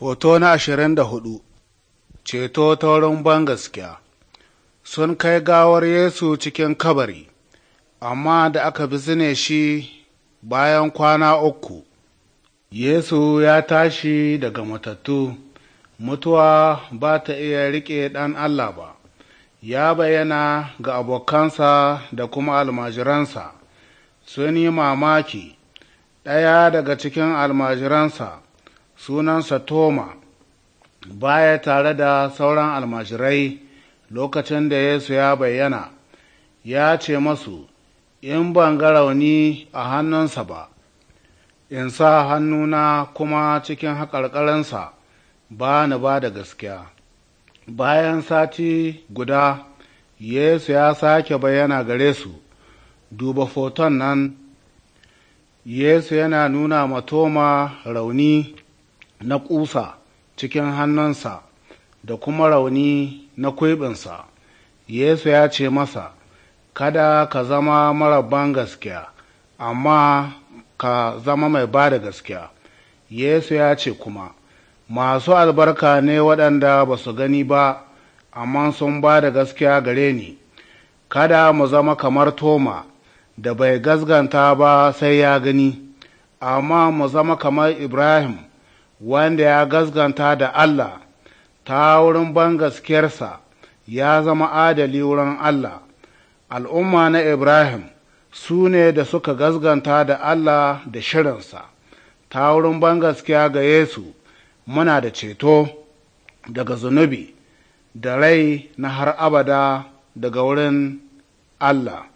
Hoto na ashirin da hudu Ceto ta taurin bangaskiya Sun kai gawar Yesu cikin kabari, amma da aka bizine shi bayan kwana uku, Yesu ya tashi daga matattu, mutuwa ba ta iya riƙe ɗan Allah ba, ya bayyana ga abokansa da kuma almajiransa, sun yi mamaki, ɗaya daga cikin almajiransa. sunansa Toma, baya tare da sauran almajirai lokacin da Yesu ya bayyana, ya ce masu, In ban ga rauni a hannunsa ba, in sa hannuna kuma cikin haƙarƙarinsa ba ni ba da gaskiya. Bayan sati guda, Yesu ya sake bayyana gare su, duba foton nan, Yesu yana nuna ma Toma rauni na ƙusa cikin hannunsa da kuma rauni na kwebinsa Yesu ya ce masa, Kada ka zama mara ban gaskiya, amma ka zama mai ba da gaskiya. Yesu ya ce kuma, Masu albarka ne waɗanda ba su gani ba, amma sun ba da gaskiya gare ni, kada mu zama kamar Toma da bai gasganta ba sai ya gani, amma mu zama kamar Ibrahim. wanda ya gasganta da Allah ta wurin gaskiyarsa ya zama adali wurin Allah al'umma na Ibrahim su ne da suka gasganta da Allah da shirinsa ta wurin gaskiya ga Yesu muna da ceto daga zunubi da rai na har abada daga wurin Allah